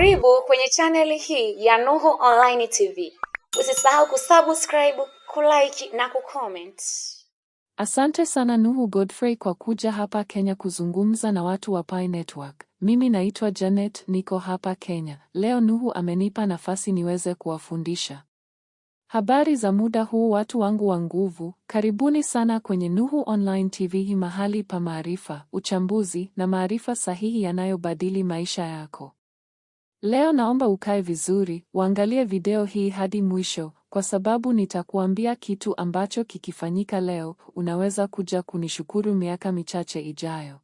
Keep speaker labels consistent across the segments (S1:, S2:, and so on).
S1: Karibu kwenye chaneli hii ya Nuhu Online TV. Usisahau kusubscribe, kulike na kucomment. Asante sana Nuhu Godfrey kwa kuja hapa Kenya kuzungumza na watu wa Pi Network. Mimi naitwa Janet, niko hapa Kenya. Leo Nuhu amenipa nafasi niweze kuwafundisha. Habari za muda huu watu wangu wa nguvu, karibuni sana kwenye Nuhu Online TV, mahali pa maarifa, uchambuzi na maarifa sahihi yanayobadili maisha yako. Leo naomba ukae vizuri, uangalie video hii hadi mwisho kwa sababu nitakuambia kitu ambacho kikifanyika leo unaweza kuja kunishukuru miaka michache ijayo.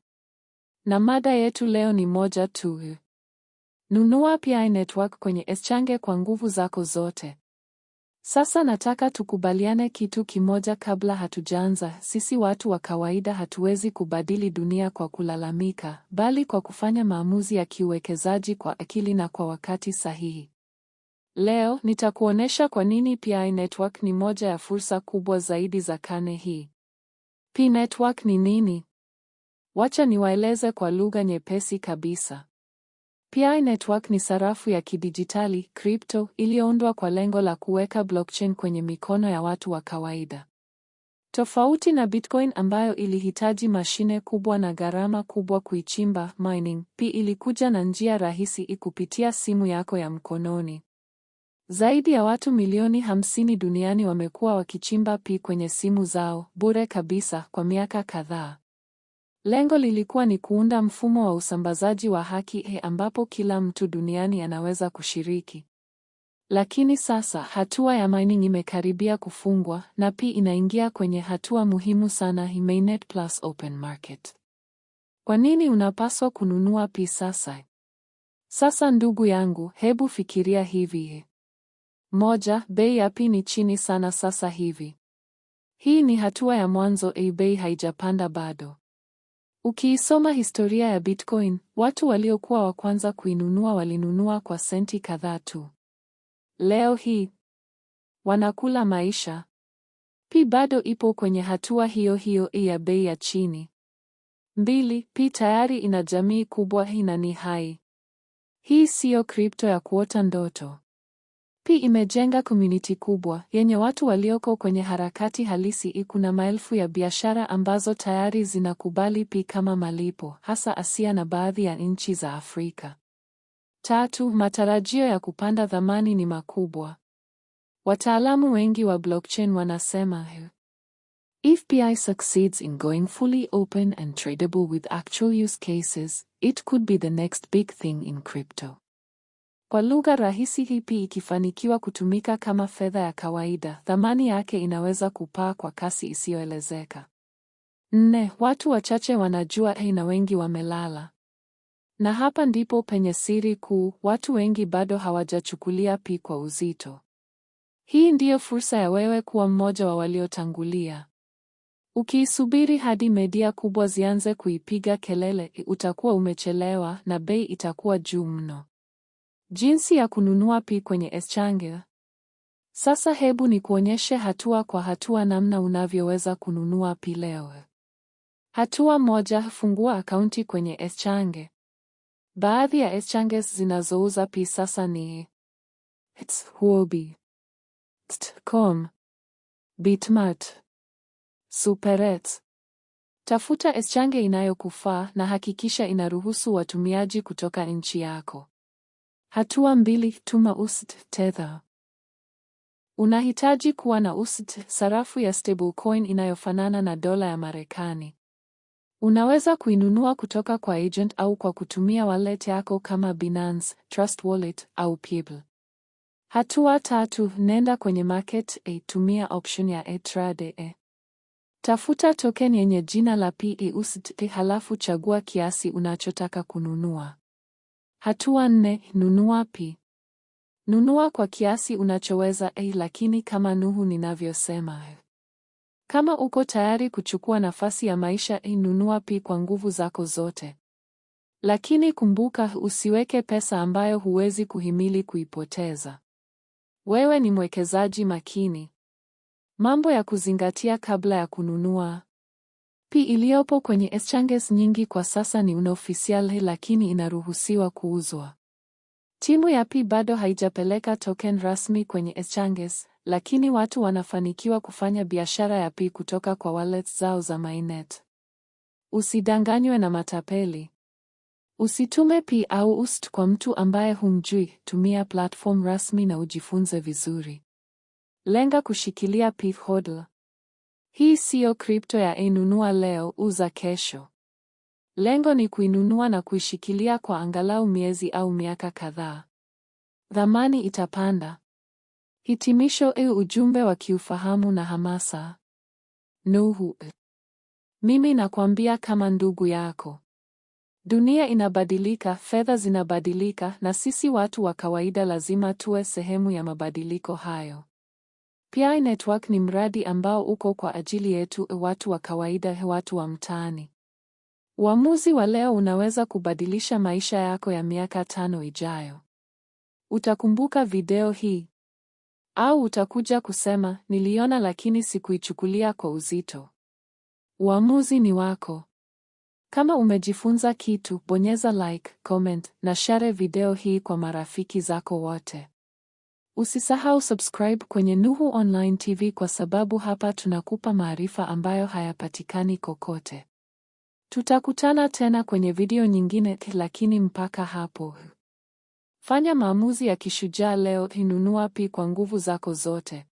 S1: Na mada yetu leo ni moja tu. Nunua PI Network kwenye Eschange kwa nguvu zako zote. Sasa nataka tukubaliane kitu kimoja kabla hatujaanza. Sisi watu wa kawaida hatuwezi kubadili dunia kwa kulalamika, bali kwa kufanya maamuzi ya kiuwekezaji kwa akili na kwa wakati sahihi. Leo nitakuonesha kwa nini PI Network ni moja ya fursa kubwa zaidi za karne hii. PI Network ni nini? Wacha niwaeleze kwa lugha nyepesi kabisa. PI Network ni sarafu ya kidijitali kripto iliyoundwa kwa lengo la kuweka blockchain kwenye mikono ya watu wa kawaida. Tofauti na Bitcoin ambayo ilihitaji mashine kubwa na gharama kubwa kuichimba mining, Pi ilikuja na njia rahisi ikupitia simu yako ya mkononi. Zaidi ya watu milioni 50 duniani wamekuwa wakichimba Pi kwenye simu zao bure kabisa kwa miaka kadhaa. Lengo lilikuwa ni kuunda mfumo wa usambazaji wa haki e, ambapo kila mtu duniani anaweza kushiriki. Lakini sasa hatua ya mining imekaribia kufungwa na pia inaingia kwenye hatua muhimu sana hii Mainnet plus open market. Kwa nini unapaswa kununua pi sasa? Sasa ndugu yangu, hebu fikiria hivi he. Moja, bei ya pi ni chini sana sasa hivi. Hii ni hatua ya mwanzo, ei, bei haijapanda bado. Ukiisoma historia ya Bitcoin, watu waliokuwa wa kwanza kuinunua walinunua kwa senti kadhaa tu. Leo hii wanakula maisha. Pi bado ipo kwenye hatua hiyo hiyo ya bei ya chini. Mbili, Pi tayari ina jamii kubwa hii na ni hai. Hii siyo kripto ya kuota ndoto. P imejenga community kubwa yenye watu walioko kwenye harakati halisi. na maelfu ya biashara ambazo tayari zinakubali Pi kama malipo, hasa Asia na baadhi ya nchi za Afrika. Tatu, matarajio ya kupanda thamani ni makubwa. Wataalamu wengi wa blockchain wanasema If Pi succeeds in going fully open and tradable with actual use cases, it could be the next big thing in crypto. Kwa lugha rahisi, hipi ikifanikiwa kutumika kama fedha ya kawaida, thamani yake inaweza kupaa kwa kasi isiyoelezeka. Nne, watu wachache wanajua na wengi wamelala. Na hapa ndipo penye siri kuu, watu wengi bado hawajachukulia Pi kwa uzito. Hii ndiyo fursa ya wewe kuwa mmoja wa waliotangulia. Ukiisubiri hadi media kubwa zianze kuipiga kelele, utakuwa umechelewa na bei itakuwa juu mno. Jinsi ya kununua Pi kwenye eschange Sasa hebu ni kuonyeshe hatua kwa hatua namna unavyoweza kununua Pi leo. Hatua moja, fungua akaunti kwenye eschange Baadhi ya Eschangels zinazouza Pi sasa ni It's Huobi, Tcom, Bitmart, Superet. Tafuta eschange inayokufaa na hakikisha inaruhusu watumiaji kutoka nchi yako. Hatua mbili: tuma USDT Tether. Unahitaji kuwa na USDT, sarafu ya stablecoin inayofanana na dola ya Marekani. Unaweza kuinunua kutoka kwa agent au kwa kutumia wallet yako kama Binance, Trust Wallet au Pebble. Hatua tatu: nenda kwenye market e, tumia option ya ETRADE e. Tafuta token yenye jina la PEUSDT e, halafu chagua kiasi unachotaka kununua. Hatua nne: nunua pi. Nunua kwa kiasi unachoweza eh, lakini kama Nuhu ninavyosema Kama uko tayari kuchukua nafasi ya maisha eh, nunua pi kwa nguvu zako zote, lakini kumbuka, usiweke pesa ambayo huwezi kuhimili kuipoteza. Wewe ni mwekezaji makini. Mambo ya kuzingatia kabla ya kununua. P iliyopo kwenye exchanges nyingi kwa sasa ni unofficial lakini inaruhusiwa kuuzwa. Timu ya P bado haijapeleka token rasmi kwenye exchanges, lakini watu wanafanikiwa kufanya biashara ya P kutoka kwa wallets zao za mainnet. Usidanganywe na matapeli. Usitume P au UST kwa mtu ambaye humjui, tumia platform rasmi na ujifunze vizuri. Lenga kushikilia P hodl. Hii siyo kripto ya inunua leo uza kesho. Lengo ni kuinunua na kuishikilia kwa angalau miezi au miaka kadhaa. Dhamani itapanda. Hitimisho. E, ujumbe wa kiufahamu na hamasa. Nuhu, e. mimi nakwambia kama ndugu yako, dunia inabadilika, fedha zinabadilika, na sisi watu wa kawaida lazima tuwe sehemu ya mabadiliko hayo. PI Network ni mradi ambao uko kwa ajili yetu watu wa kawaida, watu wa mtaani. Uamuzi wa leo unaweza kubadilisha maisha yako ya miaka tano ijayo. Utakumbuka video hii au utakuja kusema niliona, lakini sikuichukulia kwa uzito. Uamuzi ni wako. Kama umejifunza kitu, bonyeza like, comment na share video hii kwa marafiki zako wote. Usisahau subscribe kwenye Nuhu Online TV kwa sababu hapa tunakupa maarifa ambayo hayapatikani kokote. Tutakutana tena kwenye video nyingine, lakini mpaka hapo. Fanya maamuzi ya kishujaa leo, inunua Pi kwa nguvu zako zote.